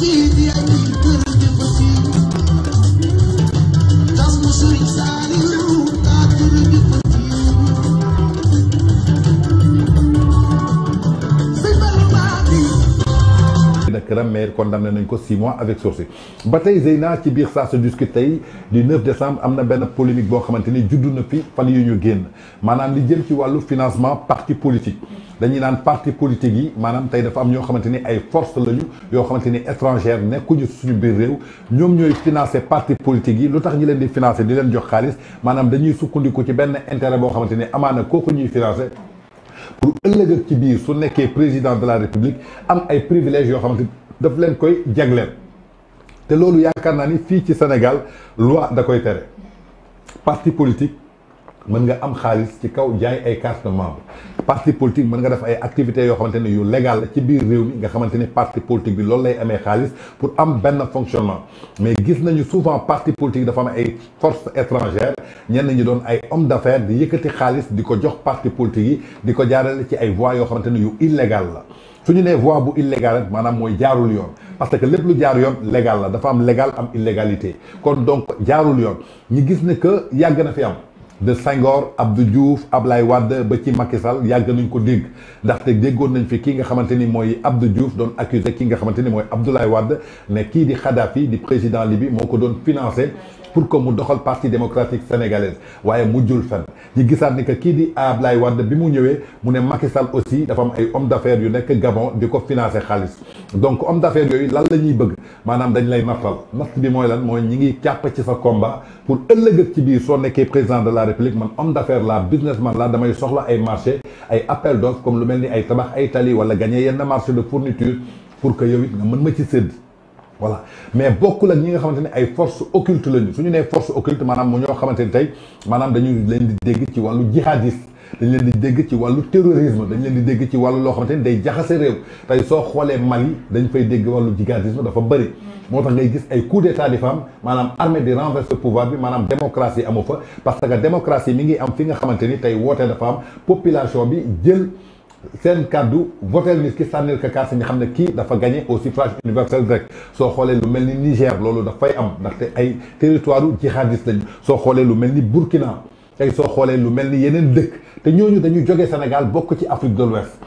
kidi you. Telegram mais condamné nañ ko six mois avec sursis bataille tey Zeyna ci ça se discuter du 9 décembre amna ben polémique boo maintenir juddu na fi fan yu ñu génn manam li jëm ci walu financement parti politique dañuy naan parti politique yi manam tay dafa am ño xamanteni ay force lañu yo xamanteni maintenir étrangère nekkuñu suñu bir réew ñom ñoy financer parti politique yi lu tax ñi leen di financer di leen jox xaliss manam dañuy sukkandiku ci ben intérêt bo xamanteni ni amaana ñuy financer. pour ëllëg ak ci biir su nekkee président de la république am ay privilèges yoo xamante daf leen koy jagleel te loolu yaakaar naa ni fii ci Sénégal loi da koy tere parti politique mën nga am xaalis ci kaw jaay ay carte membre parti politique mën nga def ay activité yoo xamante ne yu légal la ci biir réew mi nga xamante ni parti politique bi loolu lay amee xaalis pour am benn fonctionnement mais gis nañu souvent parti politique dafa am ay forces étrangères ñenn ñi doon ay hommes d'affaires di yëkkati xaalis di ko jox parti politique yi di ko jaarale ci ay voies yoo xamante ne yu illégal la su ñu nee voie bu illégale rek maanaam jaarul yoon parce que lepp lu jaar yoon légal la dafa am légal am illégalité kon donc jaarul yoon ñi gis ne que yag na fi am de Sangor Abdou Diouf Ablaye Wade ba ci Macky Sall yag nañ ko dégg ndaxte déggoon nañ fi ki nga xamanteni moy Abdou Diouf doon accusé ki nga xamanteni moy Abdoulaye Wade ne ki di Khadafi di président Libye moko ko doon financé pour que mu doxal parti démocratique sénégalaise waaye mujjul fenn ñu gisaat ni que kii di Ablaye Wade bi mu ñëwee mu ne Macky Sall aussi dafa am ay homme d'affaires yu nekk Gabon du ko financer xaalis donc homme d'affaires yooyu lan Madame ñuy bëgg maanaam dañ lay nattal natt bi mooy lan mooy ñi ngi ci combat pour ëllëg ak ci biir soo présent président de la république man homme d'affaires la businessman la damay soxla ay marché ay appel d'offres comme lu mel ni ay tabax ay tali wala gagner yenn marché de fourniture pour que yow it nga mën ci sédd voilà mais beaucoup de ñi nga force occulte lañu suñu né force occulte Madame mu ñoo xamante ne dañu leen di dégg ci walu dañ di ci terrorisme de leen di dégg ci walu lo xamanteni day jaxassé réew tay so xolé Mali dañ fay jihadisme dafa bari motax ngay d'état des femmes, manam armée di renverser pouvoir bi manam démocratie amu fa parce que démocratie mi ngi am fi nga xamanteni tay dafa am population bi sen kaddu votel nit ki sànnil ka kaas ni xam ki dafa gagner au suffrage universel direct so xolé lu melni niger Niger loolu dafay am ndax te ay territoire jihadiste lañ so xolé lu melni Burkina tey so xolé lu melni ni yeneen te ñooñu dañu jógee Sénégal bokku ci Afrique de l'Ouest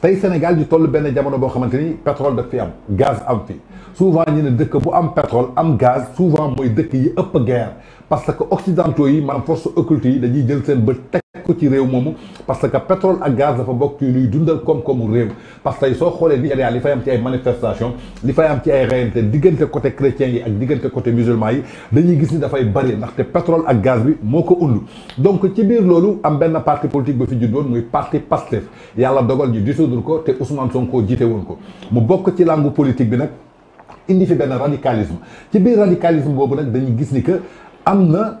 tay Sénégal ñu tollu ben jamono bo xamanteni pétrole daf fi am gaz am fi souvent ñu ne dëkk bu am pétrole am gaz souvent moy dëkk yi ëpp guerre parce que occidentaux yi maanaam force occulte yi dañuy jël sen bët tek ko ci réew momu parce que pétrole ak gaz dafa bokk ci luy dundal comme koomu réew parce que soo xoolee Nigéria li fay am ci ay manifestation li fay am ci ay reyante digënté côté chrétien yi ak digënté côté musulman yi dañuy gis ni dafay ndax té pétrole ak gaz bi moko ko donc ci biir lolu am benn parti politique ba fi juddoon muy parti Pastef yalla dogal ñu dissoudre ko té Ousmane Sonko jité woon ko mu bokk ci langue politique bi nak indi fi ben radicalisme ci biir radicalisme bobu nak dañuy gis ni que amna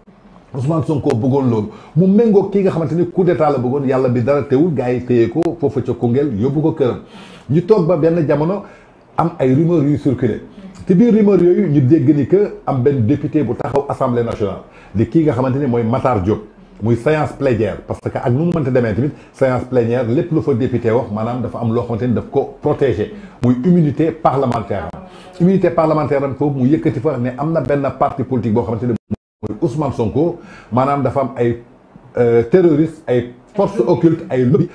Ousmane Sonko bëggoon loolu mu méngoo kii nga xamante ni coup d'état la bëggoon yàlla bi dara teewul gars yi téye ko foofu ca Koungheul yóbbu ko këram ñu toog ba benn jamono am ay rumeurs yuy circulé ci biir rumeurs yooyu ñu dégg ni que am benn député bu taxaw assemblée nationale di kii nga xamante ni mooy Matar Diop muy séance plénière parce que ak nu mu mënta demee tamit séance plénière lépp lu fa député wax maanaam dafa am loo xamante ni daf ko protégé muy immunité parlementaire am immunité parlementaire am foofu mu yëkkati fa ne am na benn parti politique boo xamante ni Ousmane Sonko Madame dafa femme, ay force euh, occulte, forces occultes ay lobby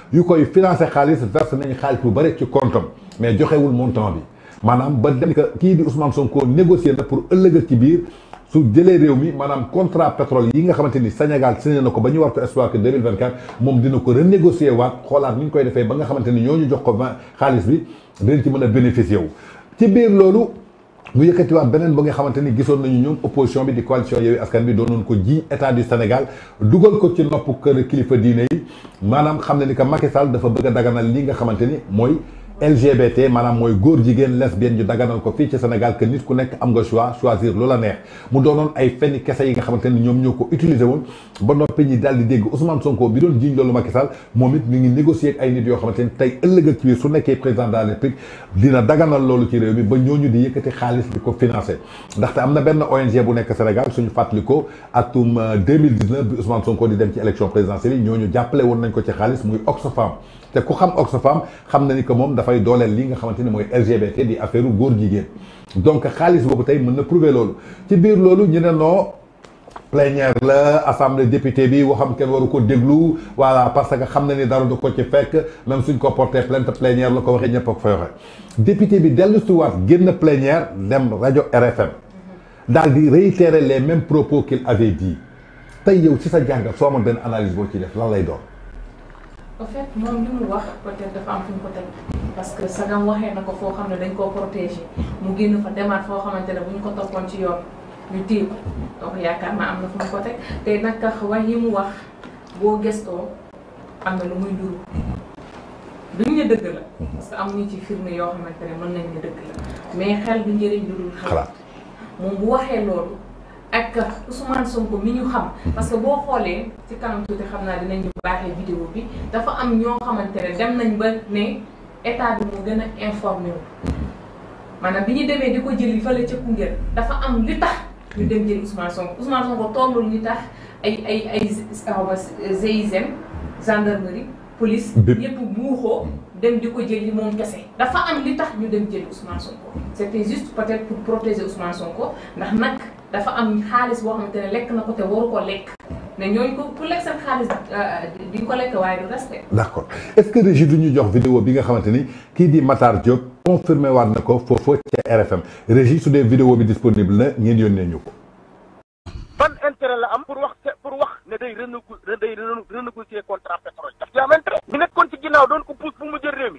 financé Khalis verse nañu xaalis pour bëri ci compte mais joxewul montant bi ba Madame, qui di Ousmane Sonko négocié pour le ci sous délai réuni, Madame, contrat pétrole yi nga Sénégal ba ñu 2024 le ko renégocier le ni koy le ba nga mu yëkkatiwaat beneen ba nga xamante ni gisoon nañu ñoom opposition bi di coalition Yewwi Askan bi doonoon ko ji état du Sénégal dugal ko ci nopp kër kilifa diine yi maanaam xam ne ni que Macky Sall dafa bëgg a daganal li nga xamante ni mooy LGBT maanaam moy goor jigéen lesbienne ñu daganal ko fi ci Sénégal que nit ku nekk am nga choix choisir loola neex mu doonoon ay fenn kessa yi nga xamanteni ñom ñoko utiliser ko woon ba noppi ñi dal di dégg Ousmane Sonko bi doon jiiñ lolu Macky Sall momit mi ngi négocier ak ay nit yo xamanteni tay ëllëg ak ci su nekké président de la République dina daganal lolu ci réew mi ba ñooñu di yëkëti xaaliss di ko financer ndaxte amna na benn ONG bu nekk Sénégal suñu fàttaliko atum 2019 euh, bi Ousmane Sonko di dem ci élection présidentielle yi ñooñu jàppale woon nañ ko ci xaaliss muy Oxfam te ku xam Oxfam xam na ni mom da fay dolel li nga xamanteni moy LGBT di affaireu góor jigéen donc xaalis bobu tay mën prouver lolu ci biir lolu ñu ne no plénière la assemblée député bi waxam kenn waru ko déglu voilà parce que xam na ni dara du ko ci fekk même suñ ko porter plainte plénière la ko waxee ñëpp ak fay waxe député bi delu ci wat génn plénière dem radio RFM dal di réitérer les mêmes propos qu'il avait dit tay yow ci sa jàngat soo amoon benn analyse boo ci def lan lay doon. en moom li mu wax peut-être dafa am fi mu ko parce que sa sagam waxee na ko foo xam ne dañ koo protégé mu génn fa demaat foo xamante ne bu ñu ko toppoon ci yoon ñu téye donc yaakaar naa am na fu mu ko te nag wax yi mu wax boo gestoo am na lu muy duru duñ ne dëgg la parce que amuñu ci firnde yoo xamante ne mën nañ ne dëgg la mais xel bi njëriñ lu dul xalaat moom bu waxee loolu ak Ousmane Sonko mi ñu xam parce que bo xolé ci kanam tuti xamna dinañ ñu baxé vidéo bi dafa am ño xamantene dem nañ ba ne état bi mo gëna informé wu manam biñu démé diko di ko la ci kungel dafa am li tax ñu dem jël Ousmane Sonko Ousmane Sonko tollul li tax ay ay ay GIGN gendarmerie police yépp buuxoo dem diko ko jëli mom kessé dafa am li tax ñu dem jël Ousmane Sonko c'était juste peut-être pour protéger Ousmane Sonko ndax nak dafa am xaalis boo xamante lekk na ko te waru ko lekk mais ñooñu ko ku lekk seen xaalis euh, di ko lekk waaye du respect. d' accord est ce que régie du ñu jox vidéo bi nga xamante ni kii di Matar Diop confirmé waat na ko foofu ca RFM régie su dee vidéo bi disponible na ngeen yónnee ñu ko. ban intérêt la am pour wax pour wax ne day renégocier day renégocier contrat pétrole daf ci am intérêt. nekkoon ci ginnaaw doon ko pousse bu mu jël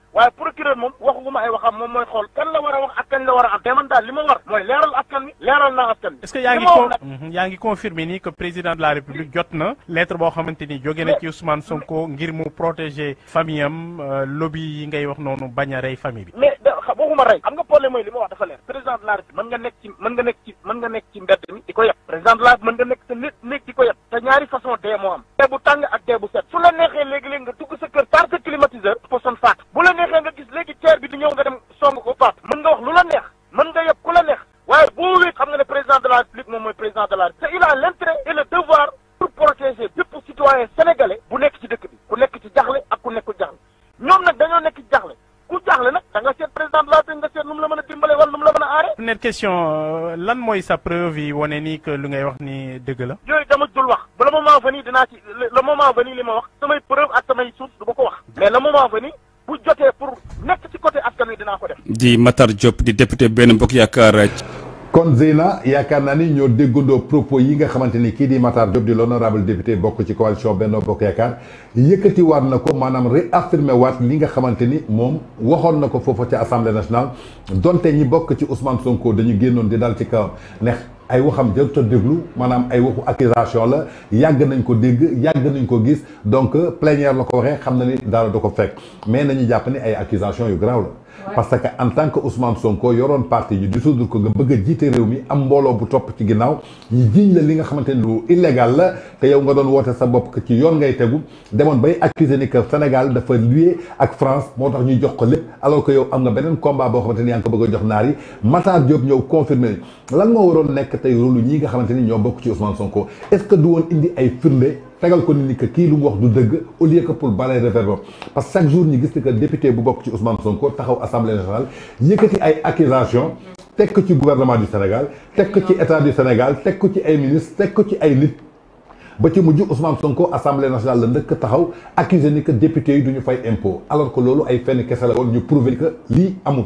waaye procureur moom waxuguma ay waxam moom mooy xool kan la war a wax ak kañ la war a am te man daal li ma war mooy leeral askan wi leeral naa askan wi est-ce mhm, yaa ngi yaa ngi confirmer ni que président de la république jot na lettre boo xamante ni jóge na ci Ousmane Sonko ngir mu protéger famille am euh, lobby yi ngay wax noonu bañ a rey famille bi mais waxuma rey xam nga problème mooy li ma wax dafa leer président de la république mën nga nekk ci mën nga nekk ci mën nga nekk ko président de la nga nekk sa ko te ñaari façon dee moo question euh, lan moy sa preuve yi wane ni que lu ngay wax ni deug la. yooyu dama dul wax ba le moment venu dina ci le moment venu li ma wax sama preuve ak sama source du bako wax. mais le moment venu bu jotee pour nek ci côté askan wi dina ko def. di Matar Diop di député ben mbok yakar kon Zeyna yaakaar naa ni ñoo déggandoo propos yi nga xamante ni kii di Matar Diop di l'honorable député bokk ci coalition Benno Bokk yakar yëkkati waat na ko maanaam réaffirmé waat li nga xamante ni moom waxoon na ko foofa ci assemblée nationale donte ñi bokk ci Ousmane Sonko dañu génnoon di dal ci kawam ne ay waxam jël ta déglu maanaam ay waxu accusation la yàgg nañ ko dégg yàgg nañ ko gis donc euh, plénière la ko waxee xam na ni dara du ko fekk mais nañu jàpp ni ay accusation yu garaaw la. parce que en tant que Ousmane Sonko yoroon parti ñu dissoudre ko nga bëgg a jiite réew mi am mbooloo bu topp ci ginnaaw ñu jiñ la li nga xamante ni lu illégal la te yow nga doon woote sa bopp que ci yoon ngay tegu demoon bay accuser ni que Sénégal dafa lié ak France moo tax ñu jox ko lépp alors que yow am nga beneen combat boo xamante yaa ngi ko bëgg a jox naar yi Matar Diop ñëw confirmer lan moo waroon nekk tey rôle ñii nga xamante ni ñoo bokk ci Ousmane Sonko est-ce que du woon ay firnde. tegal ko ni que kii lu mu wax du dëgg au lieu que pour balay réverbam parce que chaque jour ñu gis que député bu bokk ci Ousmane Sonko taxaw assemblée nationale yëkkati ay accusation teg ko ci gouvernement du Sénégal teg ko ci état du Sénégal teg ko ci ay ministres teg ko ci ay nit ba ci mujj Ousmane Sonko assemblée nationale la ndëkk taxaw accusé ni que député yi du fay impôt alors que loolu ay fenn kese la woon ñu prouver que lii amul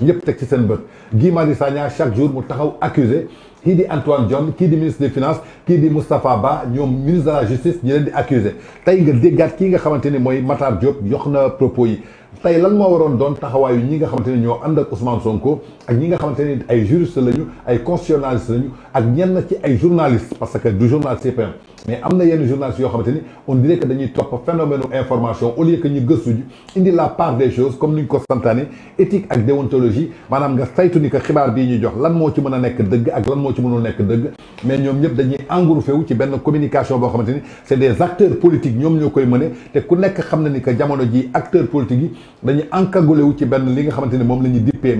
ñëpp teg ci seen bët Guy Marius Sagna chaque jour mu taxaw accusé qui dit Antoine John, qui dit ministre des finances qui dit Moustapha Ba ministre de la justice nous leen di accusé tey nga déggaat ki nga xamanteni moy Matar Diop yoxna propos yi Tay lan mo waron don ñi nga xamanteni ño and ak Ousmane Sonko ak ñi nga xamanteni ay juriste lañu ay constitutionnaliste lañu ak ci journaliste parce que du pas CPM mais am na yenn journalistes on dirait que dañuy top phénomène information au lieu que ñu geussu indi la part des choses comme nous ñu éthique ak déontologie manam nga que jox lan ci ak mais ñom ñep dañuy ci communication bo des acteurs politiques ñom ñokoy mëne té ku nekk xamna acteurs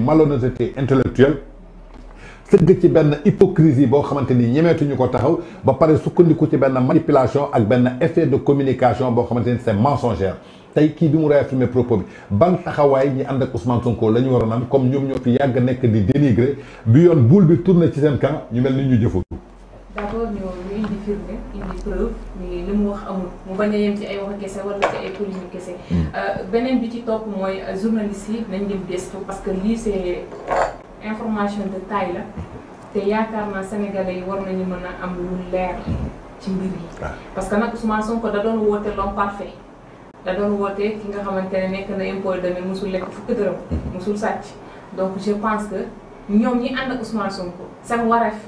malhonnêteté intellectuelle sëgg ci ben hypocrisie bo xamanteni ni ñuko taxaw ba paré sukkandiku ci ben manipulation ak ben effet de communication bo xamanteni c'est mensongère tay ki bi mu réaffirmé propos bi ban taxaway ñi and ak Ousmane Sonko lañu ñu war a comme ñoom ñoo yag nek di dénigrer bi yon boule bi tourner ci sen camp ñu melni ñu jëfoo. d'abord ñoo ñu indi firme indi preuve ni li mu wax amul mu bañ a yem ci ay wax kese wala ci ay polémique kese hmm. euh, beneen bi ci topp mooy euh, journaliste yi nañ dem gëstu parce que lii c'est information de taille la te yaakaar naa sénégalais yi war nañu mën a am lu leer ci mbir yi. Ah. parce que nag Ousmane ko da doon woote l'homme parfait da doon woote ki nga xamante ne nekk na impôt domaine musul lekk fu dërëm mosul sàcc donc je pense que ñoom ñi ànd ak Ousmane Sonko seen wareef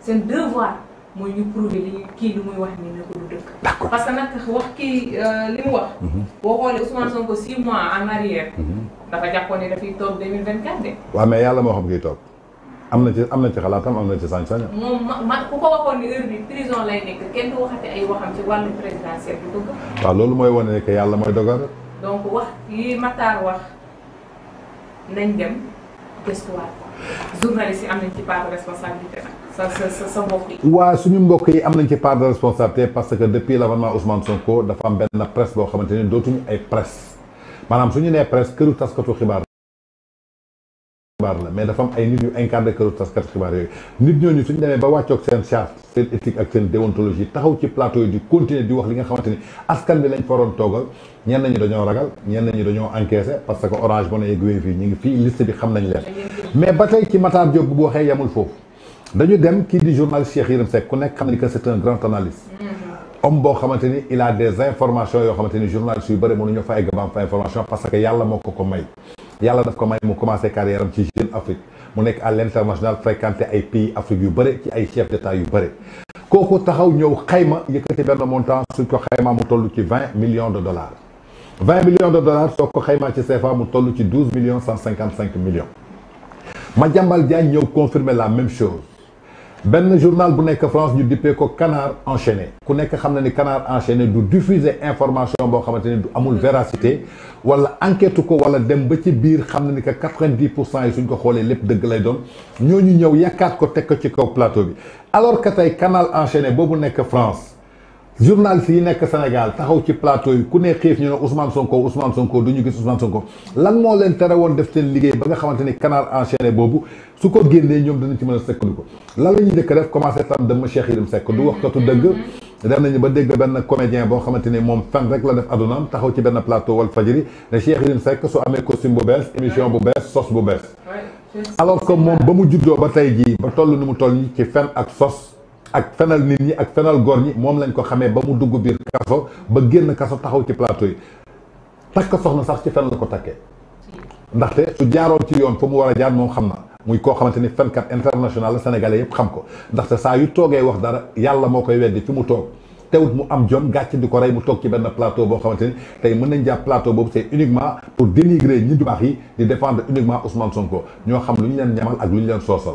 seen devoir mooy ñu prouver li kii li muy wax nii ne du dëkk. d'accord parce que nag wax kii euh, li mu wax. Mhm. boo xoolee Ousmane Sonko 6 mois en arrière. Mhm. dafa jàppoon ni dafay mais yàlla moo xam kiy toog am na ci am na ci xalaatam am na ci sañ-sañam. moom ma ma ku ko waxoon ni prison lay nekk kenn du ay waxam ci wàllu présidentiel du bëgg. waaw loolu mooy wane nekk yàlla mooy dogal. donc wax yi Matar wax nañ dem gëstuwaat ko yi am nañ ci part de responsabilité nag. sa sa sa mbokk yi. waaw suñu mbokk yi am nañ ci part responsabilité parce que depuis l'avènement Ousmane Sonko dafa am benn presse boo xamante ni dootuñu ay presse. maanaam su ñu nee presse këru taskatu xibaar xibaar la mais dafa am ay nit yu incarné këru taskatu xibaar yooyu nit ñooñu suñu demee ba wàccoog seen charte seen éthique ak seen déontologie taxaw ci plateau yi di continuer di wax li nga xamante ni askan bi lañ faroon toogal ñenn ñi dañoo ragal ñenn ñi dañoo encaissé parce que orange bo na yeeg wéy ñu ngi fii liste bi xam nañ leen mais ba tey ci Matar Diop bu waxee yemul foofu dañu dem kii di journaliste Cheikh Yérim Seck ku nekk xam ne que c'est grand analyste mm-hmm. homme boo il a des informations yo xamanteni ni journalistes yu bëri mënuñoo fa egg ba fa information parce que yalla moko ko may yalla daf ko may mu commencé carrière am ci Jeune Afrique mu nek à l'international fréquenté ay pays Afrique yu bëri ci ay chefs d'État yu bëri kooku taxaw ñew xayma yëkëti ben montant su ko xayma mu tollu ci 20 millions de dollars 20 millions de dollars so ko xaymaa ci CFA mu tollu ci 12 millions 155 millions ma jambal Diagne ñëw confirmer la même chose ben journal bu nek France ñu dippee ko canard enchaîné ku nek xam na ni canard enchaîné du diffuser information bo xamanteni du amul véracité wala enquête ko wala dem ba ci biir xam na ni que 90% yi suñ ko xolé lepp deug lay doon ñooñu ñëw yàkkaat ko tek ko ci kaw plateau bi alors que tay canal enchaîné bobu nek France journal yi nek Sénégal taxaw ci plateau yi ku ne xef ñu Ousmane Sonko Ousmane Sonko duñu gis Ousmane Sonko lan mo leen tere won def seen liggéey ba nga xamanteni canard enchaîné bobu su ko génné ñom dana ci mëna a sëkkandiku lan lañu dëkk def commencé tam dem Cheikh ilim sekk du wax katu dëgg dem nañu ba dégg ben comédien bo xamanteni mom fan rek la def adunaam taxaw ci ben plateau wal Fadjri ne Cheikh ilim sekk su amé costume bu bess émission bu bess sos bu bess alors que mom ba mu juddoo ba tay ji ba tollu ni mu toll ci fen ak sauce ak fenal nit ñi ak fenal gor ñi mom lañ ko xamé ba mu dugg bir kasso ba génn kasso taxaw ci plateau yi tak ko soxna sax ci fenal la ko takkee ndaxte su jaaroon ci yoon fu mu wara jaar moom xamna muy ko xamanteni ni kat international la sénégalais yëpp xam ko ndaxte sa yu toogee wax dara yàlla mo koy weddi fi mu toog teewut mu am jom gatch di ko ray mu tok ci benn plateau bo xamanteni tay mën nañ jàpp plateau bobu c'est uniquement pour dénigrer ñi du bax yi di défendre uniquement Ousmane Sonko ño xam luñu ñu leen ñamal ak luñu ñu leen soosal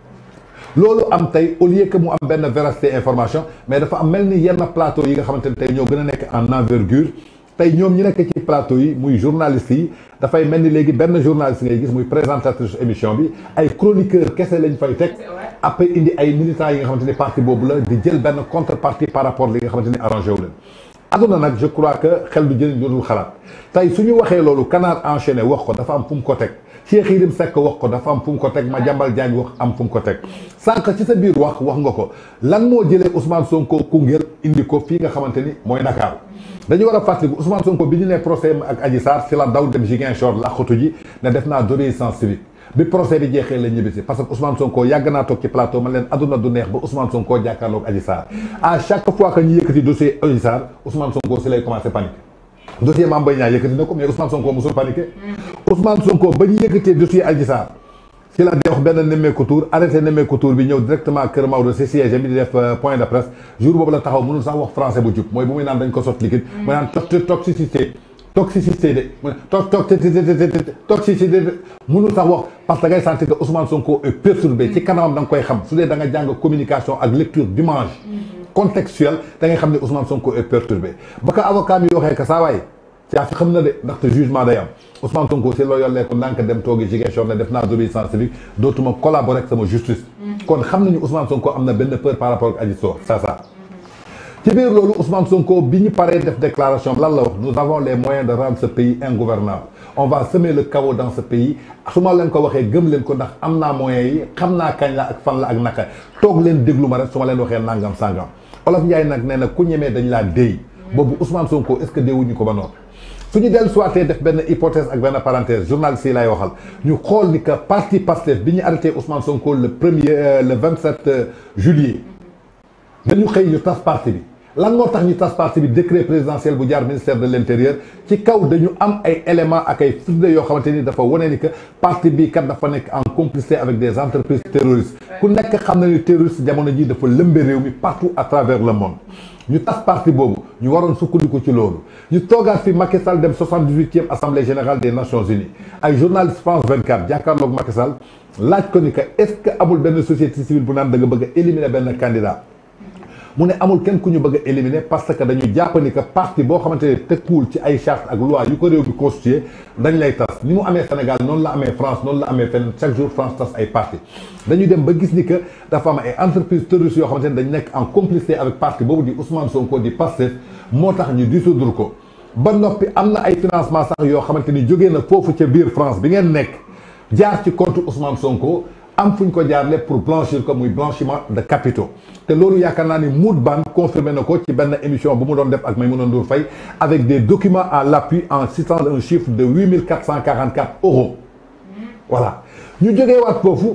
loolu am tey au lieu que mu am benn véracité information mais dafa am mel ni yenn plateau yi nga xamante ne tey ñoo gën a nekk en envergure tey ñoom ñu nekk ci plateau yi muy journaliste yi dafay mel ni léegi benn journaliste ngay gis muy présentatrice émission bi ay chroniqueur kese lañ fay teg après indi ay militants yi nga xamante ne parti boobu la di jël benn contrepartie par rapport li nga xamante ne arrangé wu leen nag je crois que xel du jëriñ dootul xalaat tey suñu waxee loolu Canard enchaîné wax ko dafa am fu mu ko teg Cheikh Yérim Seck wax ko dafa am fu mu ko teg Madiambal Diagne wax am fu mu ko teg sànq ci sa biir wax wax nga ko lan moo jëlee Ousmane Sonko Koungheul indi ko fii nga xamante ni mooy Ndakaaru dañu war a fàttaliku Ousmane Sonko bi ñu nee procès ak Adji Sarr si la daw dem Ziguinchor làqatu ji ne def naa désobéissance civique bi procès bi jeexee la ñibbisi parce que Ousmane Sonko yàgg naa toog ci plateau man leen aduna du neex ba Ousmane Sonko jàkkaarloog Adji na ko mais Ousmane Ousmane Sonko ba ñu dessus dossier ci la dee wax benn nemmeeku tour arrêté nemmeeku tour bi ñëw directement Kër de si siège j'ai mis def euh, point de presse jour la taxaw Je wax français bu jub mooy bu muy naan dañ ko liquide. Mm. mu toxicité toxicité de tox toxicité de parce que santé que Ousmane Sonko est perturbé C'est quand même koy xam vous communication ak lecture dimanche, mm-hmm. contextuel, Ousmane Sonko est perturbé Baka avocat de jugement Ousmane Sonko c'est loolu yollee ko les dem toogi Ziguinchor ne def naa obéissance civique dootuma collaborer avec sa justice mm-hmm. kon xam nañu Ousmane Sonko amna ben peur par rapport à l'histoire, c'est ça ça mm-hmm. ci Ousmane Sonko bi ñu def déclaration lan la nous avons les moyens de rendre ce pays ingouvernable on va semer le chaos dans ce pays su ma leen ko waxee gëm leen ko ndax a moyens yi xam kañ la ak fan la ak naka tog leen déglu rek su leen nangam sangam Olof Ndiaye nak nee na ku ñemee dañ laa mm-hmm. Ousmane Sonko est-ce que déewuñu ko ba su del dellu def ben hypothèse ak ben parenthèse journaliste yi lay waxal ñu xol ni que parti Pastef bi ñu arrêté Ousmane Sonko le premier euh, le 27 euh, juillet dañu xey ñu tas parti bi lan moo tax ñu tas parti bi décret présidentiel bu jaar ministère de l'Intérieur ci kaw dañu am ay éléments ak ay firnde de xamante ni dafa woné ni que parti bi kat dafa nek en complicité avec des entreprises terroristes ku nek xam ni terroriste jamono ji dafa lëmbe réew mi partout à travers le monde ñu tas parti boobu ñu waroon sukkandiku ci loolu ñu toogaat fi Macky Sall dem 78e assemblée générale des Nations Unies ay journalistes France 24 jàkkaarloog Macky Sall laaj ko ni que est-ce amul benn société civile bu naan da nga bëgg a benn candidat. mu ne amul kenn ku ñu bëgg a éliminer parce que dañu jàpp ni que parti boo xamante ne tekkuwul ci ay charte ak loi yu ko réew bi constitué dañ lay tas ni mu amee Sénégal noonu la amee France noonu la amee fenn chaque jour France tas ay parti dañu dem ni que dafa am ay entreprise terroriste yoo xamante ne dañ nekk en complicité avec parti boobu di Ousmane Sonko di Pastef moo tax ñu dissoudre ko ba noppi am na ay financement sax yoo xamante ni jógee na foofu ca biir France bi ngeen nekk jaar ci compte Ousmane Sonko am fu ñu ko pour blanchir comme un blanchiment de capitaux te loolu yaakaar naa ni Moodban confirmé na ko ci benn émission bu mu doon def ak avec des documents à l'appui en citant un chiffre de huit mille euros voilà ñu jógee waat foofu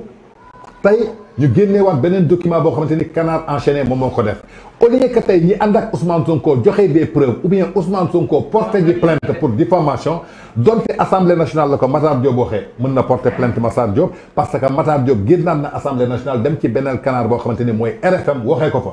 tey ñu wat benen document bo xamante ni Canard enchaîné mom moko def au lieu que tay ñi andak Ousmane Sonko joxé des preuves ou bien Ousmane Sonko porter des plaintes pour diffamation donte assemblée nationale lako Matar Diop waxee mën na porter plainte Matar Diop parce que Matar Diop génnaat na assemblée nationale dem ci beneen Canard bo xamante moy mooy RFM waxee ko fa.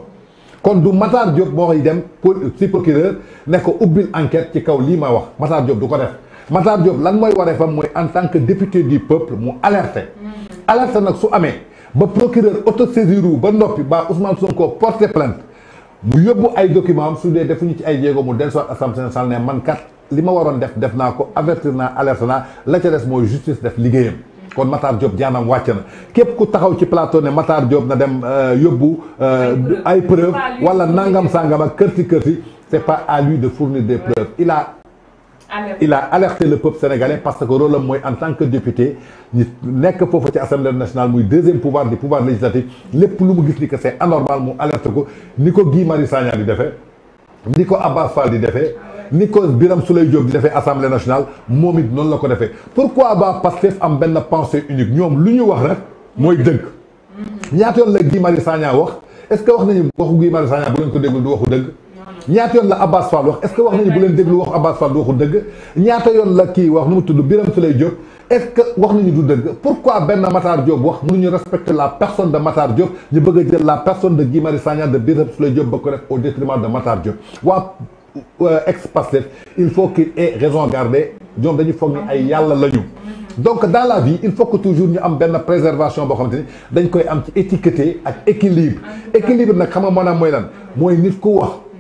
kon du Matar Diop moo koy dem pour si procureur né ko ubbil enquête ci kaw li ma wax Matar Diop du ko def. Matar Diop lan moy waré fam moy en tant que député du peuple mu alerté. Mm. alerte nak su amé le procureur autosaisir wu ba nopi ba Ousmane Sonko porte plainte mu yobbu ay documents am a defuñu ci ay jéego mu assemblée nationale man kat def def la justice def kon Matar na ku taxaw ci plateau ne Matar job na dem euh, yobbu euh, ay wala nangam sangam ak kërti kërti c'est pas à lui de fournir des preuves il a il a alerté le peuple sénégalais parce que rôle Moy, en tant que député n'est que pour ci assemblée nationale le deuxième pouvoir du pouvoir législatif Le plus mu que c'est anormal il alerte ko Nico Guy Marius Sagna di defee ni Abbas Fall di fait, Nico Biram Birame Souleye Diop di defee L'Assemblée nationale Momit non la ko defee pourquoi ba Pastef am benn pensée unique ñoom l'union a wax c'est mooy Il mm-hmm. ñaata yoon la Guy Marius Sagna wax est-ce que wax dit waxu Guy Marius Sagna bu ngeen ko du ñaata la de Fall wax est ce que wax nañu bu leen déglu wax de Fall la kii wax nu est ce que wax nañu du pourquoi benn Matar Diop wax respecter la personne de Matar Diop ñu bëgg la personne de Guy de Birame Diop au détriment de Matar Diop waa euh, ex il faut qu'il ait raison garder donc dans la vie il faut que toujours ñu am préservation boo xamante dañ koy étiqueté équilibre ah, équilibre nag xam nga lan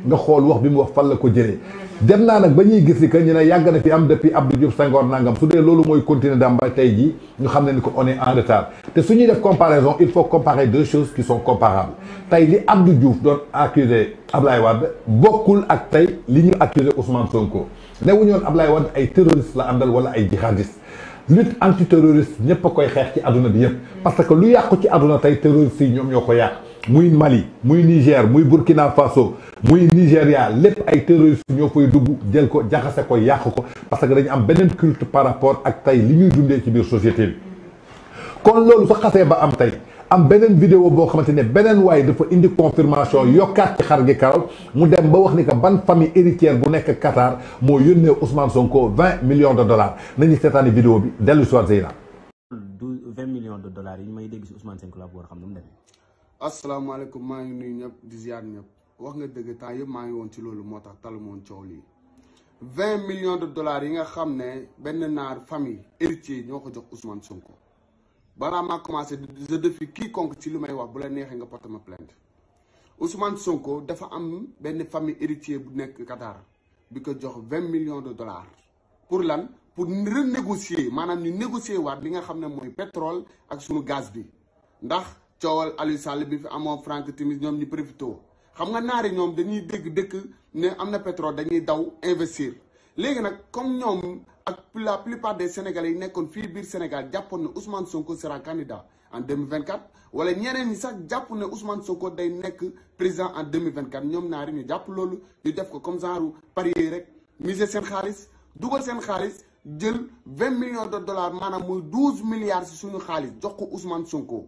nga xool wax bi mu wax fan la ko jëlee dem naa nag ba ñuy gis ni que ñu ne yàgg na fi am depuis Abdou Diouf Senghor nangam su dee loolu mooy continuer dam ba tey jii ñu xam ne ni que on est en retard te su ñuy def comparaison il faut comparer deux choses qui sont comparables tey li Abdou Diouf doon accusé Ablaye Wade bokkul ak tey li ñu accusé Ousmane Sonko newuñu woon Ablaye Wade ay terroriste la àndal wala ay jihadiste lutte antiterroriste ñëpp a koy xeex ci aduna bi yëpp parce que lu yàqu ci aduna tey terroriste yi ñoom ñoo ko yàq muy Mali muy Niger muy Burkina Faso muy Nigéria lépp ay terroristes ñoo koy dugg jël ko jaxase ko yàq ko parce que dañu am beneen culte par rapport ak tey li ñuy dundee ci biir société bi. kon loolu sa xasee ba am tey am beneen vidéo boo xamante ne beneen waaye dafa indi confirmation yokkaat ci xar gi karaw mu dem ba wax ni que ban famille héritière bu nekk Qatar moo yónnee Ousmane Sonko vingt millions de dollars nañu seetaani vidéo bi dellu si waat Zeyna. vingt millions de dollars yi may dégg si Ousmane Sonko laa asalaamaaleykum maa ngi nuyu ñëpp di ziar ñëpp wax nga dëgg temps yëpp ma ngi won ci loolu motax tal moon coow lii vingt millions de dollars yi nga xam ben nar famille héritier ñoko jox Ousmane Sonko balaa maa commencé je défie quiconque ci li may wax bu la nexé nga porte ma plainte Ousmane Sonko dafa am ben famille héritier bu nek Qatar bi ko jox 20 millions de dollars pour lan pour renégocier manam ñu négocier wat li nga xam moy pétrole ak sunu gaz bi ndax coowal Aliou Sall bi fi amoon Franck Timis ñoom ñu profité xam nga naari ñoom dañuy dégg dëkk ne am na pétrole dañuy daw investir léegi nag comme ñoom ak la plupart des sénégalais yi nekkoon fii biir Sénégal jàppoon ne Ousmane Sonko sera candidat en 2024 wala ñeneen ñi sax jàpp ne Ousmane Sonko day nekk président en 2024 ñoom naari ñu jàpp loolu ñu def ko comme genre parier rek miser seen xaalis dugal seen xaalis jël 20 millions de dollars maanaam muy 12 milliards si suñu xaalis jox ko Ousmane Sonko.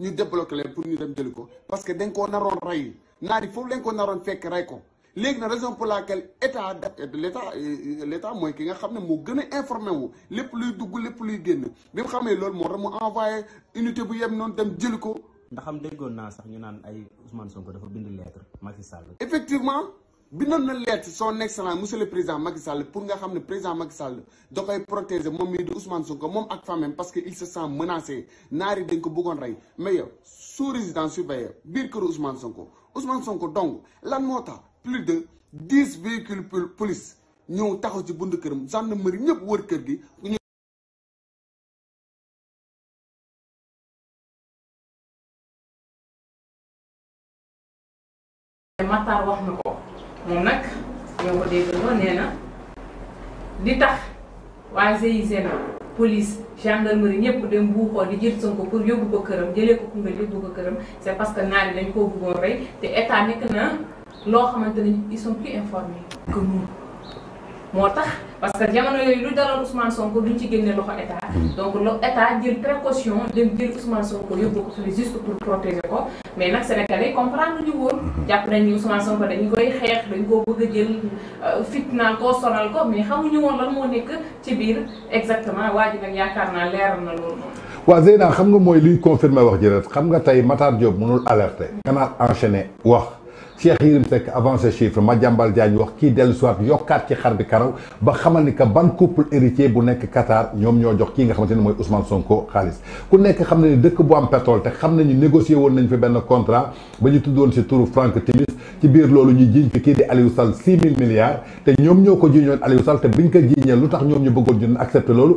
ñu débloquer leen pour ñu dem jëli ko parce que dañ koo naroon rey naar yi foofu lañ ko naroon fekk rey ko léegi na raison pour laquelle état de l' état euh, l' état mooy ki nga xam ne moo gën a informé wu lépp luy dugg lépp luy génn bi mu xamee loolu moo tax mu envoyé unité bu yem noonu dem jëli ko. ndax am déggoon naa sax ñu naan ay Ousmane Sonko dafa bind lettre Macky Sall. effectivement. bi bindoon na lettre son excellence monsieur le président Macky Sall pour nga xam ne président Macky Sall da koy protéger moom mii di Ousmane Sonko moom ak famem parce que il se sent menacé naar yi dañ ko bëggoon rey mais yow sous résidence surveillée biir këru Ousmane Sonko Ousmane Sonko donc lan moo tax plus de dix véhicules police ñëw taxaw ci buntu këram gendarmerie ñëpp wër kër gi. moom nak ñoko ko néna nee li tax wa GIGN police gendarmerie ñepp dem bu buuxoo di jël Sonko pour yóbbu ko këram jëlé ko Koungheul yóbbu ko këram c'est parce que naari yi dañ koo bëggoon rey té état nek na lo xamante ne ils sont plus informés que nous. moo tax parce que jamono yooyu lu daloon Ousmane Sonko duñ ci génne loxo état. Mm. donc lo état jël précaution dem jël Ousmane Sonko yóbbu ko fële juste pour protéger ko mais nag sénégalais comprendre ñu woon. Mm-hmm. jàpp nañ ni Ousmane Sonko dañ koy xeex dañ koo bëgg jël euh, fitna koo sonal ko mais xamuñu woon lan moo nekk ci biir exactement waa nag yaakaar naa leeral na loolu moom. waaw Zeyna xam nga mooy liy confirmer wax ji xam nga tey Matar Diop mënul alerter. Mm. Canal Cheikh Yérim Seck avancé chiffre Madiambal Diagne wax kii dellu soit yokkaat ci xar bi karaw ba xamal ni que ban couple héritier bu nekk Qatar ñoom ñoo jox kii nga xamante ne mooy Ousmane Sonko xaalis ku nekk xam na ni dëkk bu am pétrole te xam nañu négocié woon nañ fi benn contrat ba ñu tuddoon si turu Franck Timis ci biir loolu ñu jiiñ fi kii di Aliou Sall six mille milliards te ñoom ñoo ko jiiñoon Aliou Sall te biñ ko jiiñee lu tax ñoom ñu bëggoon ñu accepté bëgg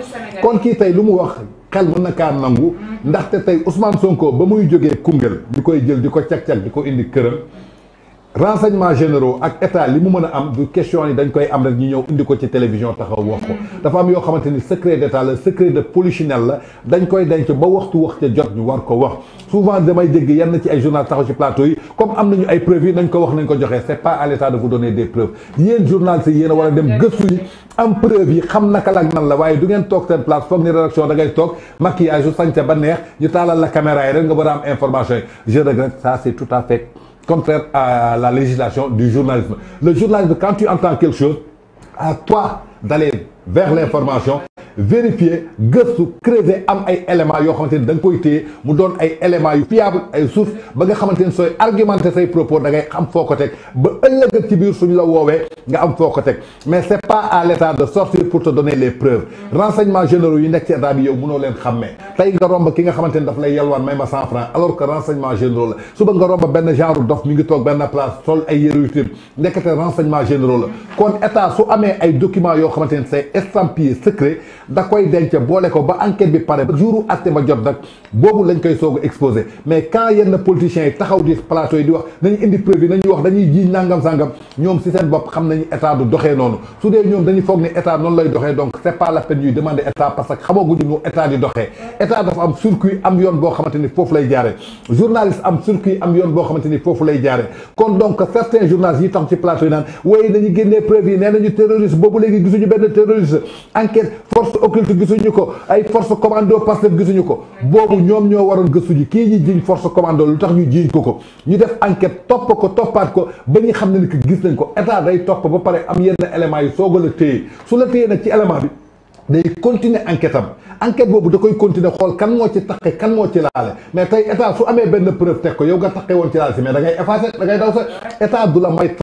kon kii tey lu mu wax xel mën na kaa nangu mm-hmm. ndaxte tey Ousmane Sonko ba muy jógee Koungheul ñu koy jël di ko cag-cag di ko indi këram renseignements généraux ak état li mu meuna am du question yi dañ koy am rek ñu ñëw indi ko ci télévision taxaw wax ko dafa am yo xamanteni secret d'état la secret de polichinelle la dañ koy denc ba waxtu wax ca jot ñu war ko wax souvent damay dégg yenn ci ay journal taxaw ci plateau yi comme am nañu ay preuves yi nañ ko wax nañ ko joxe c'est pas à l'état de vous donner des preuves yéen journalistes yi yéen wala dem geustu yi am preuve yi xam naka la nan la waaye du ngeen tok seen place foog ni rédaction da ngay toog maquillage sante sañte ba neex ñu talal la caméra yi rek nga war am information je regrette ça c'est tout à fait contraire à la législation du journalisme. Le journalisme, quand tu entends quelque chose, à toi d'aller vers l'information vérifier gëstu creuser am ay éléments yo xamante dang koy téye mu don ay éléments yu fiable ay sources ba nga xamante soy argumenter say propos da ngay xam foko ko ba ëllëg ci biir suñ la woowee nga am foko ko mais c'est pas à l'état de sortir pour te donner les preuves renseignements généraux yu nekk ci état bi yow mënoo leen xamé tay nga romb ki nga xamante ni daf lay yalwaan may ma cent francs alors que renseignement généraux la suba nga romb benn genre dof mi ngi toog benn place sol ay yëru utile nekkate renseignement généraux la kon état su amé ay documents yo xamante c'est estampillé secret da koy denc boole ko ba enquête bi pare jouru atte ba job nag boobu lañ koy sont a mais quand yenn politiciens yi taxaw di plateau yi di wax nañu indi preuve yi nañuy wax dañuy jiiñ nangam sangam ñoom si seen bopp xam nañu état du doxee noonu su dee ñoom dañuy foog ne état là lay doxee donc c'est pas la peine de demander état parce que xamaguñu nous état di doxee état de am circuit am yoon boo xamante ni foofu lay jaare journaliste am circuit am yoon boo xamante ni foofu lay jaare kon donc certains journalistes yi tax ci plateau yi naan wooy nañu preuve yi nee nañu terroriste gens qui gisuñu benn terroriste enquête force occulte gisuñu ko ay force commando Pastef gisuñu ko boobu ñoom ñoo waroon gëstu kii ñu jiñ force commando lu tax ñu jiñ ko ko ñu def enquet topp ko toppaat ko ba ñu xam ne ni gis nañ ko état day topp ba pare am yenn éléments yi soog a la téye su la téye nag ci élément bi day continuer enquête am enquête boobu da koy continuer xool kan moo ci taqe kan moo ci laale mais tey état su amee benn preuve teg ko yow nga taqe woon ci laale si mais da ngay effacer da ngay daw sa état du la may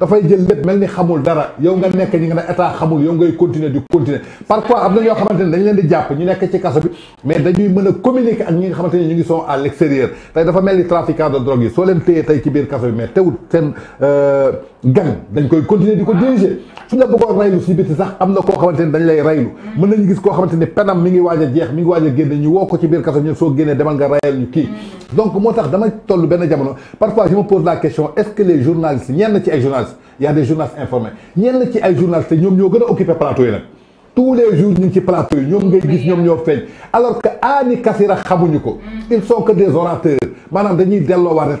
dafay jël lépp mel ni xamul dara yow nga nekk ñi nga ne état xamul yow ngay continuer di continuer parfois am na ñoo xamante ne dañ leen di jàpp ñu nekk ci kaso bi mais dañuy mën a communiquer ak ñi nga xamante ne ñu ngi sont à l'extérieur tey ni trafiquant de drogue yi soo leen téyee bi mais teewul seen euh, gang di ko diriger su am na koo xamante ne dañ lay raylu mën nañu gis koo xamante ne penam mi ngi waaj a jeex mi ngi waaj a génne ñu woo ko ci biir kaso ñun soo génnee demal nga rayal ñu kii donc moo tax damay toll benn jamono parfois je me pose la question est-ce que les journalistes ñenn ci ay journalistes y a des journalistes informés ñenn ci ay journalistes qui ñoo gën a occupé plateau yi tous les jours ñu ngi ci plateau nous ñoom ngay gis ñoom ñoo alors que aani kasira xamuñu ko mm. ils sont que des orateurs maanaam dañuy delloowaat rek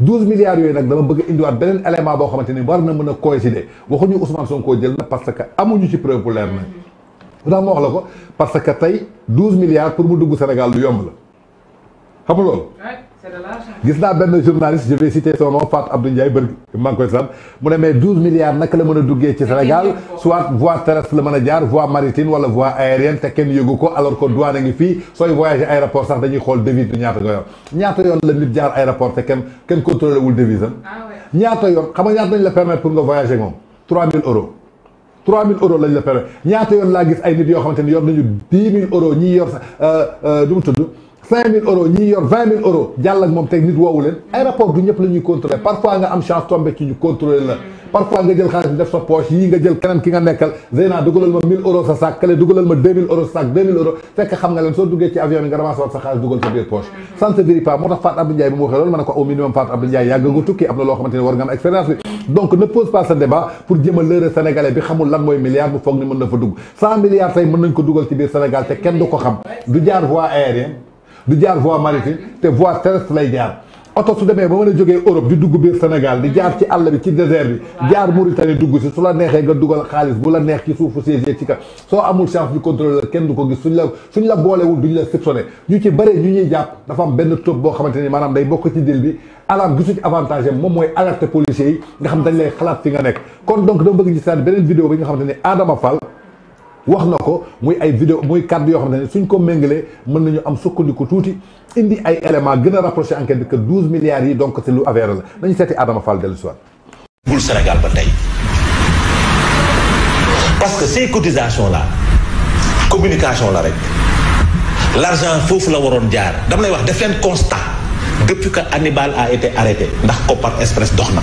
douze milliards yooyu nag dama bëgg a indiwaat beneen élément boo xamante ni war na mën a coïncider waxuñu Ousmane Sonko jël na parce que amuñu ci preuve bu leer na. lu tax ma wax la ko parce que tey douze milliards pour mu dugg Sénégal lu yomb la xam loolu. gis naa benn journaliste je vais citer son nom Fatou Abdou Ndiaye bër maa ngi koy sant mu ne mais douze naka la mën a duggee ci Sénégal soit voie terrestre la mën a jaar voie maritime wala voie aérienne te kenn yëgu ko alors que douane a ngi fii sooy voyagé aéroport sax dañuy xool devise ñaata yoon la nit jaar aéroport te kenn kenn contrôlé wul devise ah ñaata yoon xam nga ñaata lañ la permettre pour nga voyager moom trois mille euros 3000 euros lañ ñii yor sa euh, euh, cinq mille euros ñi yor vingt mille euros jàll ak moom teg nit woowu leen aéroport du ñëpp la ñuy parfois nga am chance tombé ci ñu contrôler la parfois nga jël xaalis bi def sa poche yii nga jël keneen ki nga nekkal Zeyna dugalal ma mille sa sac kale dugalal ma deux sa sac deux fekk xam nga leen soo duggee ci avion bi nga ramasse sa xaalis dugal sa biir poche ça ne se vérifie pas moo tax Fatou Abdou Ndiaye bi mu waxee loolu ma ne ko au minimum na loo xamante ne war nga am expérience bi donc ne pose pas ce débat pour jéem a lëre sénégalais na fa dugg cent di jaar voie maritime te voie terrestre lay jaar oto su demee ba mën a jógee Europe di dugg biir Sénégal di jaar ci àll bi ci désert bi jaar Mauritanie dugg si su la neexee nga dugal xaalis bu la neex ci suufu siège ci ka soo amul chance ñu contrôler kenn du ko gis suñ la suñ la boolewul duñ la soupçonné ñu ci bëree ñu ñuy jàpp dafa am benn tóob boo xamante ni maanaam day bokk ci dil bi alam gisu ci avantage am moom mooy alerte policiers yi nga xam dañ lay xalaat fi nga nekk kon donc dama bëgg beneen vidéo bi nga xamante ni Adama Fall wax na ko muy ay vidéo muy kàddu yoo xam ne suñ ko méngalee mën nañu am sukkandiku tuuti indi ay éléments gën a rapproché enquête bi que douze milliards yi donc c'est lu avéré la nañu seeti Adama Fall dellu si waat bul Sénégal ba tey parce que ces cotisation là communication la rek l'argent foofu la waroon jaar damay wax def leen constat depuis que Hannibal a été arrêté ndax Kopar Express dox na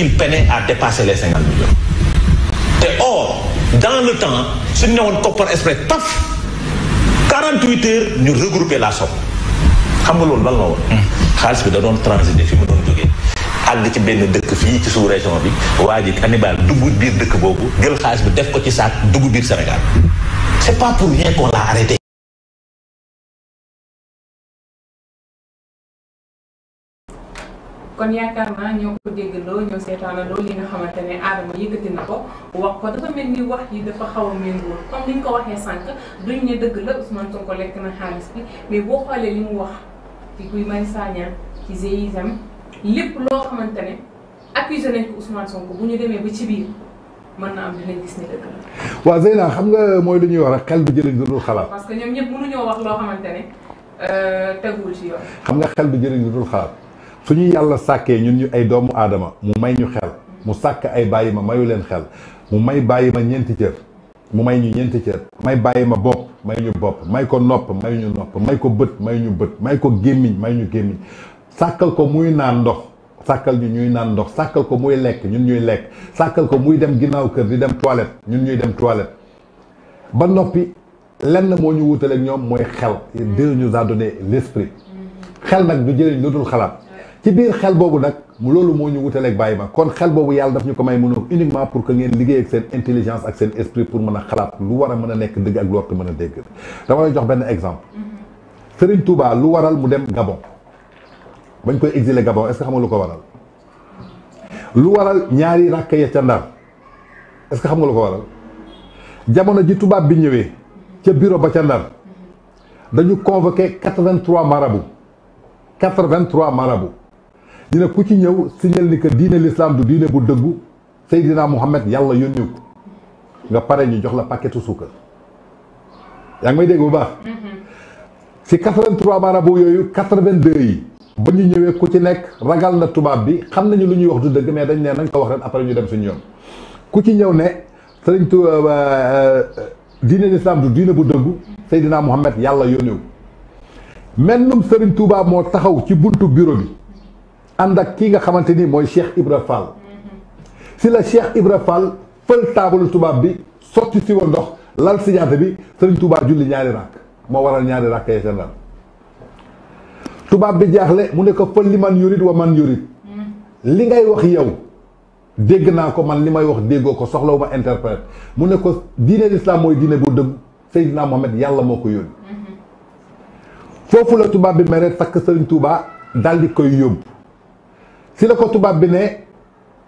il peinait à dépasser les 50 millions. te or dans le temps ce ne woon koppar exprès paf 48 heures ñu regrouper la somme xam nga loolu lan la Je hmm. xaalis bi da doon transiter fi mu doon jógee. àgg ci benn dëkk fii ci sous-région bi waa ji Hannibal dugg biir dëkk boobu jël xaalis bi def ko ci saak dugg biir Sénégal c'est pas pour rien qu'on l'a arrêté. kon yaakaar naa ñoo ko déggandoo ñoo seetaanandoo li nga xamante ne aadama yëkkati na ko wax ko dafa mel ni wax yi dafa xaw a méngoo comme ni ko lekk na xaalis bi mais boo li mu wax ci kuy may saañaan ci GIGAM lépp loo xamante ne accusé nañ ko Ousmane Sonko bu ñu demee ba ci biir mën na am dinañ gis ne dëgg la. waaw Zeyna xam nga mooy lu ñuy wax rek xel du jëriñ lu dul parce que ñoom ñëpp mënuñoo wax loo xamante ne euh, teguwul ci yoon. xam nga xel du jëriñ lu dul xalaat. suñu yàlla sàkkee ñun ñu ay doomu aadama mu may ñu xel mu sàkk ay bàyyi ma mayu leen xel mu may bàyyi ma ñeenti cër mu may ñu ñeenti cër may bàyyi ma bopp may ñu bopp may ko nopp may ñu nopp may ko bët may ñu bët may ko gémmiñ may ñu gémmiñ sàkkal ko muy naan ndox sàkkal ñu ñuy naan ndox sàkkal ko muy lekk ñun ñuy lekk sàkkal ko muy dem ginnaaw kër di dem toilette ñun ñuy dem toilette ba noppi lenn moo ñu wutaleeg ñoom mooy xel Dieu nous a donné l'esprit xel nag du jëriñ lu dul xalaat ci biir xel boobu nag mu loolu moo ñu wutaleeg bàyyi ma kon xel boobu yàlla daf ñu ko may mënoo uniquement pour que ngeen liggéey ak seen intelligence ak seen esprit pour mën a xalaat lu war a mën a nekk dëgg ak lu war a mën a dégg dama lay jox benn exemple Serigne Touba lu waral mu dem Gabon bañ koy exile Gabon est-ce que xam nga lu ko waral lu waral ñaari rakk ya ca Ndar est-ce que xam nga lu ko waral jamono ji tubaab bi ñëwee ca bureau ba ca Ndar dañu convoqué quatre-vingt-trois marabout quatre dina ku ci ñëw signal ni que diine l'islam du diine bu dëggu Seydina Mouhamed yàlla yónni ko nga pare ñu jox la paquetu suukar yaa ngi may dégg bu baax. si 83 marabu yooyu 82 yi. ba ñu ñëwee ku ci nekk ragal na tubaab bi xam nañu lu ñuy wax du dëgg mais dañ ne nañ ko wax ren après ñu dem suñu yoon ku ci ñëw ne sëriñ tu euh, euh, euh, diine l'islam du diine bu dëggu Seydina Mouhamed yàlla yónni ko mennum sëriñ Touba moo taxaw ci buntu bureau bi. ànd ak kii nga xamante ni mooy Cheikh Ibra Fall si la Cheikh Ibra Fall fël taabalu tubaab bi sotti si woon ndox lal siñaate bi Sëriñ Tuubaa julli ñaari rakk moo waral ñaari rakk ya tubaab bi jaaxle mu ne ko fël li man yurit wa man yurit li ngay wax yow dégg naa ko man li may wax déggoo ko soxlawu ma interprète mu ne ko diine lislaam mooy diine bu dëgg Seydina Mohamed yàlla moo ko yónni foofu la tubaab bi mere takk Sëriñ Tuubaa dal di koy si la ko tubaab bi ne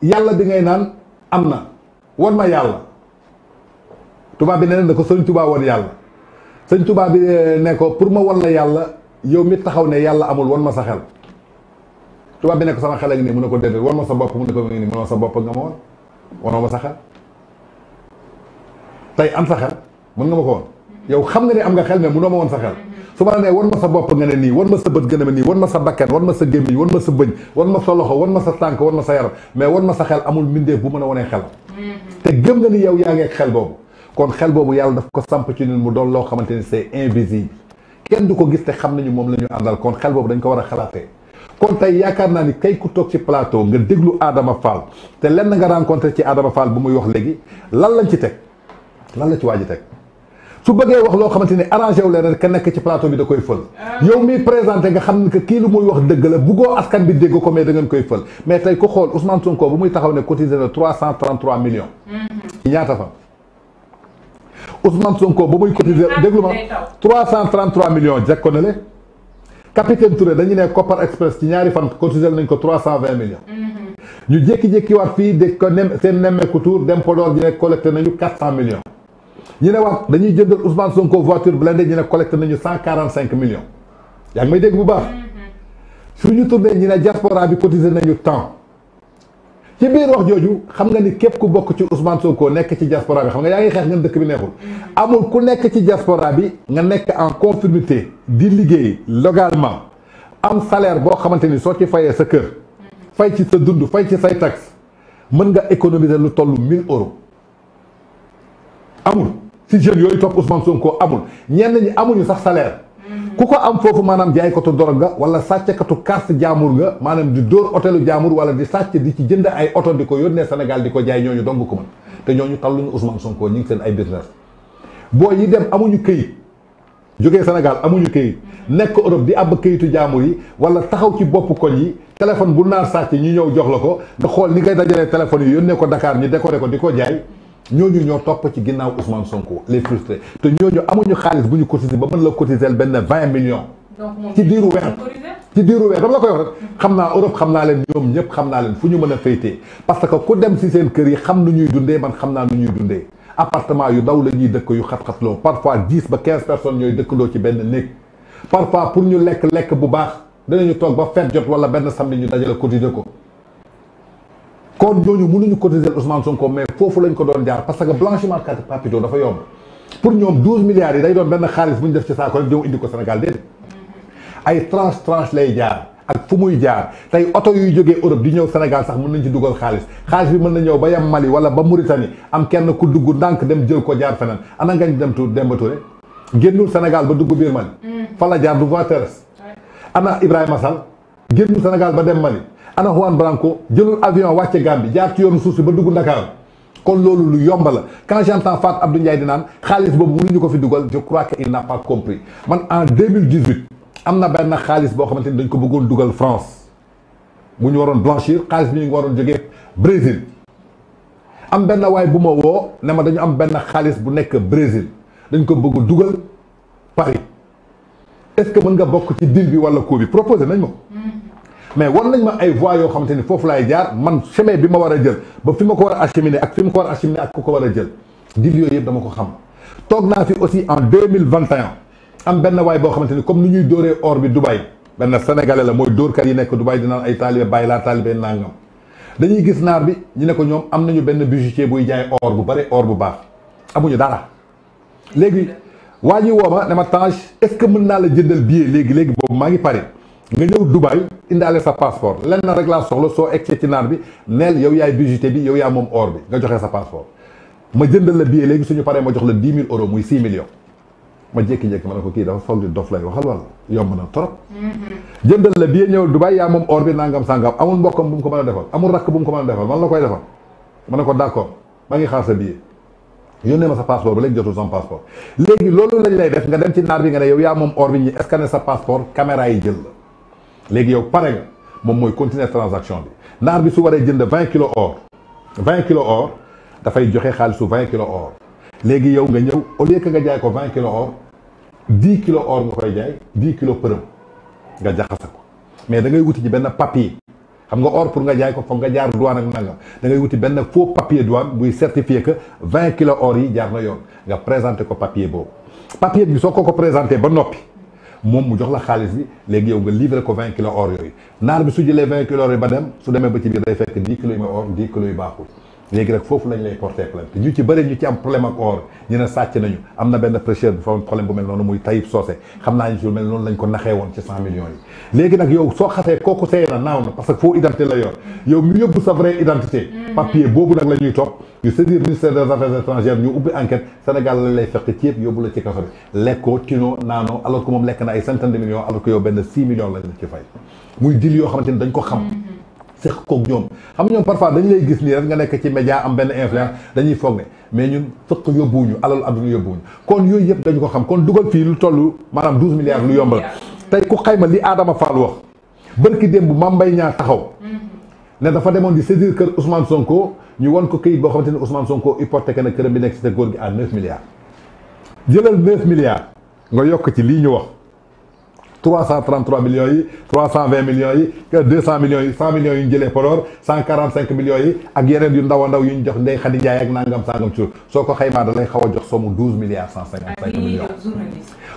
yàlla bi ngay naan am na wan ma yàlla tubaab bi ne na ko sëñ tubaa wan yàlla sëñ tubaa bi eh, ne ko pour ma wan la yàlla yow mi taxaw ne yàlla amul wan ma sa xel tubaab bi ne ko sama xel a nii mu ne ko déedéet wan ma sa bopp mu ne ko ngi nii mu sa bopp nga ma wan wanoo ma sa xel tey am sa xel mën nga ma ko woon yow xam nga ne am nga xel mais mënoo ma woon sa xel su ma la ma sa bop nga ne ni won ma sa beut gëna a nii wan ma sa bakkan won ma sa gemmi won ma sa bëñ won ma sa loxo won ma sa tànk won ma sa yaram mais won ma sa xel amul minde bu mëna woné xel te gëm nga ni yow ya nga xel bobu kon xel bobu yàlla daf ko samp ci ñun mu doon lo xamanteni c'est invisible kenn du ko gis te xam nañu mom lañu àndal kon xel bobu dañ ko wara xalaté kon tay yaakaar naa ni kay ku toog ci plateau nga déglu Adama Fall te lenn nga rencontré ci Adama Fall bu muy wax léegi lan lañ ci teg lan la ci waa ji teg su bëggee wax loo xamante ni arrangé wu leen rek ka nekk ci plateau bi da koy fël yow miy présenté nga xam ne que kii lu muy wax dëgg la buggoo askan bi dégg ko mais da ngeen koy fël mais tey ko xool Ousmane Sonko bu muy taxaw ne cotisé na 333 millions. ci mm-hmm. ñaata fan. Ousmane Sonko bu muy cotisé déglu ma 333 millions na le capitaine Touré dañu ne Copper Express ci ñaari fan cotisé nañ ko 320 millions. Mm-hmm. ñu jékki-jékki waat fii de ko nem seen nemmeeku tour dem Podor ji ne collecté nañu 400 millions. ñu ne dañuy jëndal Ousmane Sonko voiture blindée ñu ne collecté nañu 145 millions yaa ngi may dégg bu baax mm-hmm. suñu tourné ñu ne diaspora bi cotisé nañu temps ci biir wax jooju xam nga ni képp ku bokk ci Ousmane Sonko nekk ci diaspora bi xam nga yaa ngi xeex ngeen dëkk bi neexul mm-hmm. amul ku nekk ci diaspora bi nga nekk en conformité di liggéey localement am salaire boo xamante ni soo ci fayee sa kër mm-hmm. fay ci sa dund fay ci say taxe mën nga économiser lu toll 1000 euros amul si jeunes yooyu topp Ousmane Sonko amul ñenn ñi amuñu sax salaire. ku ko am foofu maanaam jaaykatu dorog nga wala sàccekatu carte jaamur nga maanaam di dóor hôtelu jaamur wala di sàcc di ci jënd ay oto di ko yónnee senegal di ko jaay ñooñu dong ko mën te ñooñu talluñu Ousmane Sonko ñu ngi seen ay business boo yi dem amuñu këyit jógee Sénégal amuñu këyit nekk Europe di àbb këyitu jaamur yi wala taxaw ci bopp koñ yi téléphone bu naar sàcc ñu ñëw jox la ko nga xool ni ngay dajalee téléphone yi yónnee ko Dakar ñu décoré ko di ko jaay ñooñu ñoo topp ci ginnaaw Ousmane Sonko les frustrés te ñooñu amuñu xaalis bu ñu cotiser ba mën la cotiser ben 20 millions. ci diiru weer ci diiru weer dama la koy wax rek. Mm-hmm. xam naa Europe xam naa leen ñoom ñëpp xam naa leen fu ñu mën a féetee parce que ku dem si seen kër yi xam nu ñuy dundee man xam naa nu ñuy dundee appartement yu daw la ñuy dëkk yu xat-xatloo parfois 10 ba 15 personnes ñooy dëkkandoo ci benn néeg parfois pour ñu lekk lekk bu baax dinañu toog ba fête jot wala benn samedi ñu dajale cotiser ko. kon ñooñu mënuñu cotiser Ousmane Sonko mais foofu lañ ko doon jaar parce que blanchiment carte papito dafa yomb pour ñoom 12 milliards yi day doon benn xaalis bu ñu def ci saako rek ñëw indi ko Sénégal déedéet ay tranche tranche lay jaar ak fu muy jaar tey oto yuy jógee Europe di ñëw Sénégal sax mën nañ ci dugal xaalis xaalis bi mën na ñëw ba yam Mali wala ba Mauritanie am kenn ku dugg ndànk dem jël ko jaar feneen ana ngañ dem tu Demba Touré génnul Sénégal ba dugg biir Mali. Mm. fa la jaar du voie terrestre. ana Ibrahima Sall génnul Sénégal ba dem Mali. ana Juan Branco jëlul avion wacce Gambie jaar ci yoonu suuf ba duggu dakar kon loolu lu yomb la quand j'entends Fat Abdou Ndiaye di naan xaalis boobu mënuñu ko fi duggal je crois que il n'a pas compris man en 2018 amna ben khalis bo xamanteni dañ ko bëggoon duggal France bu ñu waron blanchir khalis bi ñu ngi waroon jógee Brésil am ben way bu ma wo ne ma dañu am ben khalis bu nek Brésil dañ ko bëgg duggal Paris est-ce que mën nga bok ci deal bi wala ko bi proposer nañ ma mais won nañ ma ay voie yo xamanteni fofu lay jaar man chemin bi ma war jël ba fi ko wara acheminer ak fi ko wara acheminer ak kuko wara jël dil yoy yeb dama ko xam tok na fi aussi en 2021 am ben way bo xamanteni comme ni ñuy doré or bi Dubaï ben sénégalais la moy dor kar yi nek Dubaï dina ay talibé bay la talibé nangam dañuy gis nar bi ñu ne ko ñom am nañu ben bijoutier buy jaay or bu bari or bu baax amuñu dara légui waa woma dama tanche est-ce que mën na la jëndal billet légui légui bobu ma ngi paré nga ñëw Dubaï indaale sa passeport lenn rek laa soxla soo egsee ci naar bi neel yow yaay bijoutier bi yow yaa moom or bi nga joxe sa passeport ma jëndal la billet léegi suñu paree ma jox la dix mille euros muy six millions ma jékki-jékki ko kii dafa foog di lay waxal wala yomb na trop. Mm-hmm. jëndal la billet ñëw Dubaï yaa moom or bi nangam sangam amul mbokkam bu mu ko mën a defal amul rakk bu mu ko mën a defal man la koy defal ma ne ko d' accord ngi xaar sa billet yónnee ma sa passeport ba léegi jotul sama passeport léegi loolu lañ lay def nga dem ci naar bi nga ne yow yaa moom or bi ñu scanné sa passeport caméra yi jël la léegi yow pare nga moom mooy continuer transaction bi naar bi su waree jënd vingt kilo or vingt kilo or dafay joxe xaalisu vingt kilo or léegi yow nga ñëw au lieu que nga jaay ko vingt kilo or dix kilo or nga koy jaay dix kilo përëm nga jaxase ko mais dangay wuti ci benn papier xam nga or pour nga jaay ko foog nga jaar douane ak nangam da ngay wuti benn faux papier douane buy certifier que vingt kilo or yi jaar na yoon nga présenté ko papier boobu papier bi soo ko ko présenté ba noppi. moom mu jox la xaalis bi léegi yow nga livré ko vingt kilos or yooyu naar bi su jëlee vingt kilos or yi ba dem su demee ba ci biir day fekk dix kilos yi mooy or dix kilos yi baaxul légui rek fofu lañ lay porter plainte ñu ci bari ñu ci am problème ak or ñu na sàcc nañu amna ben pressure bu fa am problème bu mel noonu muy Tayib sosé xamna ñu jour mel non lañ ko naxé won ci 100 millions yi légui nak yow so xasee koku seey na naaw na parce que fo identité la yor yow mu yóbbu sa vraie identité papier bobu nak lañuy top topp ñu saisir ministère des affaires étrangères ñu ubbi enquête Sénégal lañ lay fekk ci yëpp yóbbu la ci kafa bi lekkoo tinoo naanoo alors que mom lek na ay centaine de millions alors que yow ben 6 millions lañ ci fay muy dil yo xamanteni dañ ko xam sëq koog ñoom xam nga ñoom parfois dañu lay gis nii rek nga nekk ci média am benn influence dañuy foog ne mais ñun sëq yóbbuwuñu alalu àdduna yóbbuwuñu kon yooyu yëpp dañu ko xam kon dugal fii lu toll maanaam douze milliards lu yomb la tey ku xayma li Adama Fall wax bërki démb Mame Mbaye Niang taxaw ne dafa demoon di saisir kër Ousmane Sonko ñu won ko këyit boo xamante ne Ousmane Sonko hypothéqué na këram bi nekk ci sa góor gi à neuf milliards jëlal neuf milliards nga yokk ci lii ñu wax 333 millions yi 320 millions yi 200 millions 100 millions une 145 millions yi ak yeneen yu ndaw a ndaw yu ñu jox Ndeye Khady Ndiaye ak nangam sangam ci soo ko xaymaa da lay xaw jox somme 12 milliards 155 ah millions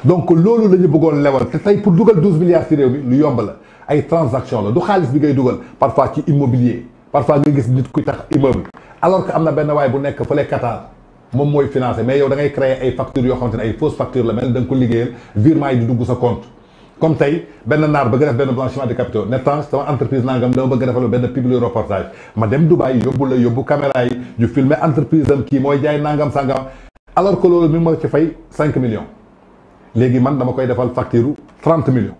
donc ce que ñu bëggoon lewal te pour dugal 12 milliards ci réew mi lu yomb la ay transactions. la du xaalis bi ngay dugal parfois ci immobilier parfois gens gis nit kuy tax immeuble alors que am na benn waay bu nekk fële Qatar qui mooy financé mais yow da ngay créer ay factures des ay fausses factures Mais mel da nga ko liggéeyal virement yi di sa compte comme benn naar bëgg def benn blanchiment de capitaux ne temps sama entreprise nangam dama bëgg defal benn publi reportage ma dem Dubaï la yóbbu caméra yi ñu filmer entreprise am kii mooy jaay nangam sangam alors que loolu mi ngi ma ci fay millions léegi man dama koy defal facture trente millions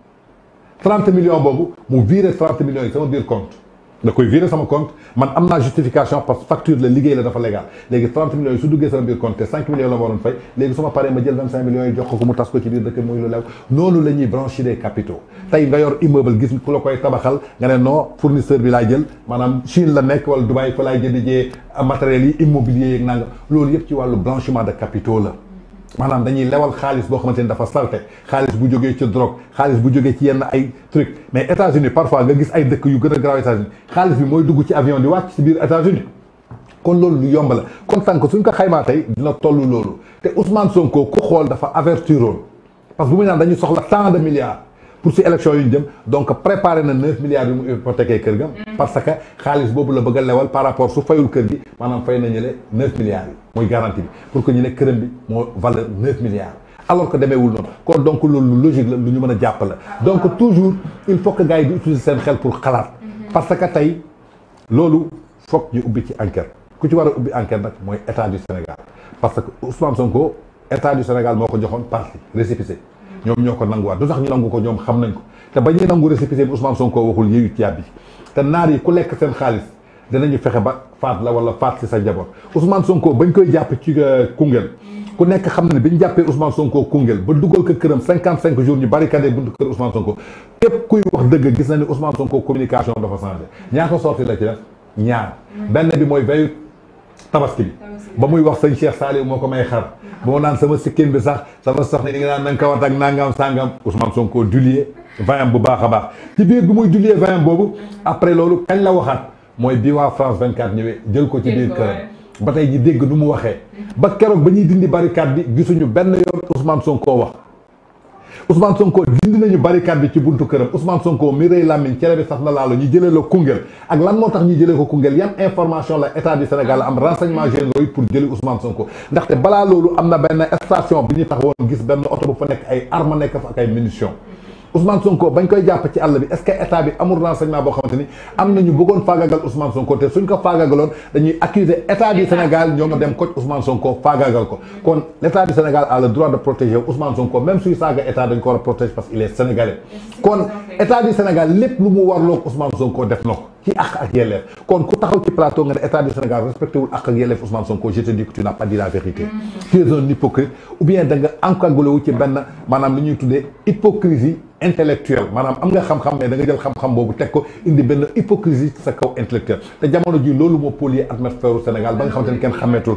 trente millions boobu mu viré trente millions yi sama biir compte da koy virer sama compte man am naa justification parce que facture la liggéey la dafa légal léegi 30 millions yi su duggee sama biir compte 5 millions la ma waroon fay léegi su ma paree ma jël 25 millions yi jox ko mu tas ko ci biir dëkk muy lu lew noonu la ñuy branché des capitaux tey nga yor immeuble gis ku la koy tabaxal nga ne non fournisseur bi laay jël maanaam Chine la nekk wala Dubaï fa laay jënd jee matériels yi immobilier yeeg nangam loolu yëpp ci wàllu blanchiment de capitaux la maanaam dañuy lewal xaalis boo xamante ni dafa salte xaalis bu jógee ci drogue xaalis bu jógee ci yenn ay truc mais États-Unis parfois nga gis ay dëkk yu gën a garaaw états xaalis bi mooy dugg ci avion di wàcc ci biir états kon loolu lu yomb kon tànk suñ ko xaymaa tey dina toll loolu te Ousmane Sonko ku xool dafa avertiroon parce que bu muy naan dañu soxla tant de milliards. pour si élection yu ñu jëm donc préparé na neuf milliards yu mu hypothéqué kër gam parce que xaalis boobu la bëgg a lewal par rapport su fayul kër gi maanaam fay na ñële neuf milliards yi mooy garantie bi pour que ñu ne këram bi moo valeur neuf milliards alors que demeewul noonu kon donc loolu lu logique la lu ñu mën a jàpp la donc toujours il faut que gars yi di utiliser seen xel pour xalaat parce que tey loolu foog ñu ubbi ci enquête ku ci war a ubbi enquête nag mooy état du Sénégal parce que Ousmane Sonko état du Sénégal moo ko joxoon parti récépissé ñoom ñoo ko nanguwaat du tax ñu nangu ko ñoom xam nañ ko te ba ñuy nangu récépissé bi Sonko waxul yeeyu caabi te naar yi ku lekk seen xaalis dinañu fexe ba faat la wala faat si sa njaboot Ousmane Sonko bañ koy jàpp ci euh, Koungheul ku nekk xam na ne bi ñu jàppee Ousmane Sonko Koungheul ba dugal ko këram cinquante cinq jours ñu barricadé buntu kër Ousmane Sonko képp kuy wax dëgg gis na ne Ousmane Sonko communication dafa changé ñaata sorti la ci def bi mooy veille tabaski bi ba muy wax sëñ Cheikh Saliou moo ko may xar ba naan sama sikkin bi sax sama soxna di nga naan nanga kawat ak nangam sàngam Ousmane Sonko dulier vayam bu baax a baax ci biir bi muy dulier vayam boobu après loolu kañ la waxaat mooy bi waa France 24 ñëwee jël ko ci biir këram ba tey ji dégg nu mu waxee ba keroog ba ñuy dindi barricade bi gisuñu benn yoon Ousmane koo wax Ousmane Sonko dindi nañu barricade bi ci buntu këram usman Sonko mi rëy làmmiñ cere bi sax na laalo ñu jëlee la Koungheul ak lan moo tax ñu jëlee ko Koungheul yan information la état du Sénégal am renseignement généraux yi pour jëli Ousmane Sonko ndaxte balaa loolu am na benn station bi ñu tax woon gis benn oto bu fa nekk ay arme nekk fa ak ay munitions. Ousmane Sonko bañ koy jàpp ci àll bi est-ce que état bi amul renseignement boo xamante ni am na ñu bëggoon faagagal Ousmane Sonko te suñ ko faagagaloon dañuy accuser état du Sénégal ñoo dem ko Ousmane Sonko faagagal ko kon l'état du Sénégal a le droit de protéger Ousmane Sonko même suy saaga état dañ ko war a protéger parce qu'il est sénégalais kon état du Sénégal lépp lu mu warloog Ousmane Sonko def na ci àq ak yelleef kon ku taxaw ci plateau nga ne état du Sénégal respecté wul àq ak yelleef Ousmane Sonko je te dis que tu n'as pas dit la vérité mm-hmm. tu es un hypocrite ou bien da nga encagoulé wu ci benn maanaam li ñuy tuddee hypocrisie intellectuelle maanaam am nga xam-xam mais da nga jël xam-xam boobu teg ko indi benn hypocrisie ci sa kaw intellectuelle te jamono ji loolu moo pollué atmosphère Sénégal ba nga xamante ne kenn xameetul